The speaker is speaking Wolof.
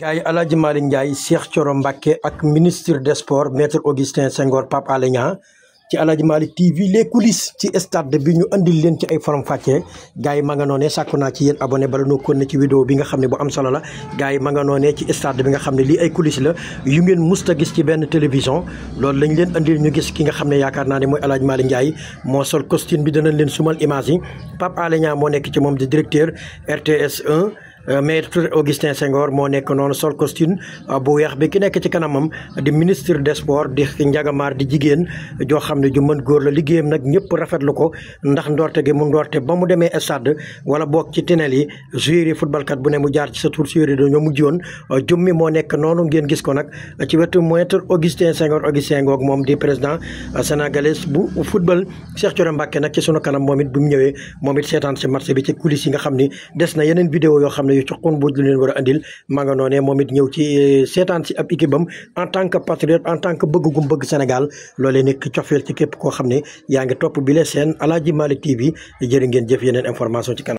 gars yi Alaaji Malick Ndiaye Cheikh Thioro Mbacké ak ministre des sports maître Augustin Senghor Pape Alé Niang ci Aladji Malick TV les coulisses ci stade bi ñu indil leen ci ay faram fàccee gars yi ma nga noonee sàkku naa ci yéen abonné bala noo kon ne ci vidéo bi nga xam ne boo am solo la gars yi ma nga noonee ci stade bi nga xam ne lii ay coulisses la yu ngeen musta gis ci benn télévision loolu lañ leen andil ñu gis ki nga xam ne yaakaar naa ne mooy Aladji Malick Ndiaye moo sol costume bi danañ leen sumal image yi Pape moo nekk ci moom di directeur RTS Euh, maître Augustin Senghor moo nekk noonu sol costume euh, bu weex bi ki nekk ci kanamam di ministre des sports di njagamaar di jigéen joo xam ne ju mën góor la liggéeyam nag ñëpp lu ko ndax ndorte gi mu ndorte ba mu demee stade wala boog ci tinel yi joueur yi footballkat bu ne mu jaar ci sa tour joueur yi mu mujj woon euh, jummi moo nekk noonu ngeen gis ko nag ci wetu maître Augustin Senghor Augustin Ngoog moom di président sénégalais bu football Cheikh Thioro Mbacké nag ci sunu kanam moom it ñëwee moom it seetaan si bi ci yi nga xam ni des na yeneen vidéo yoo xam ne yu ci xunbuj lu leen a andil maa nga noonee moom ñëw ci eh, seetaan si ab équipe en tant que patriote en tant que bëgg gum bëgg Sénégal loolee nekk cofeel ci képp koo xam ne yaa ngi topp bi seen Aladji Malick TV jërë ngeen jëf information ci kanam